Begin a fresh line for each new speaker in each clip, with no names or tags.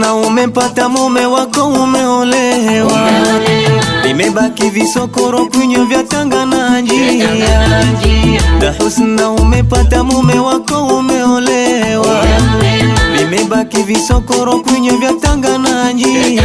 ya umepata mume wako umeolewa, vimebaki visokoro kwinywa vya tanga na njia. Ya husna, umepata mume wako umeolewa, vimebaki visokoro kwinywa vya tanga na njia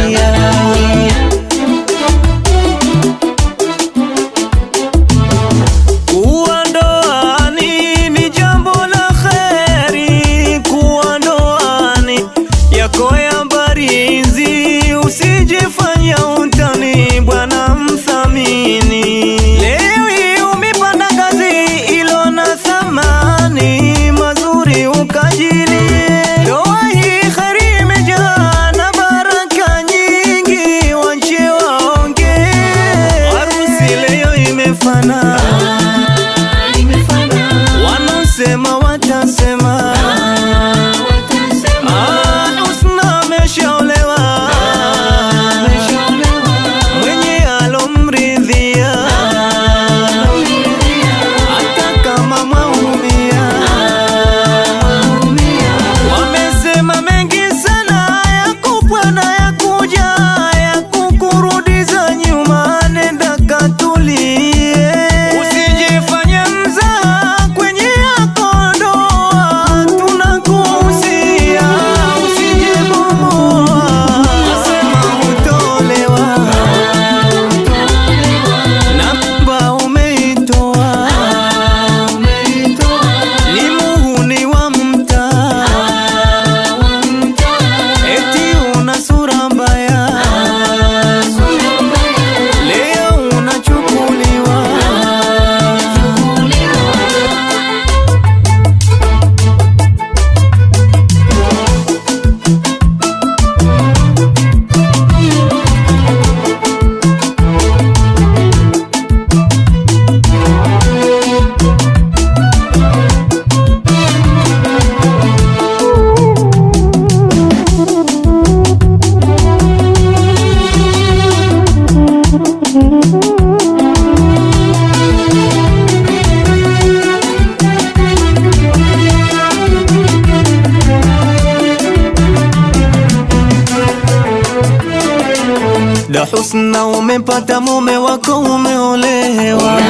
Dada Husna, umepata mume wako, umeolewa,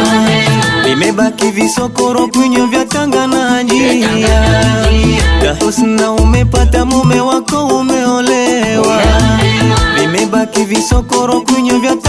imebaki visokoro, kwinywa vya tanga na njia. Dada Husna, umepata mume wako, umeolewa, imebaki visokoro, kwinywa vya tanga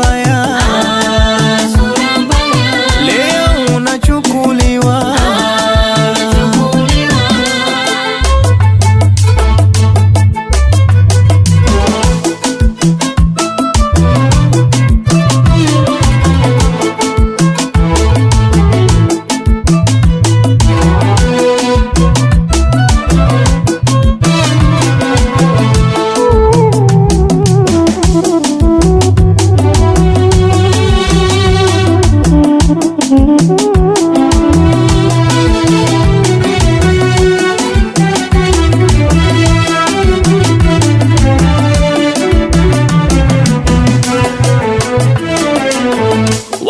বায়া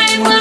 my mind.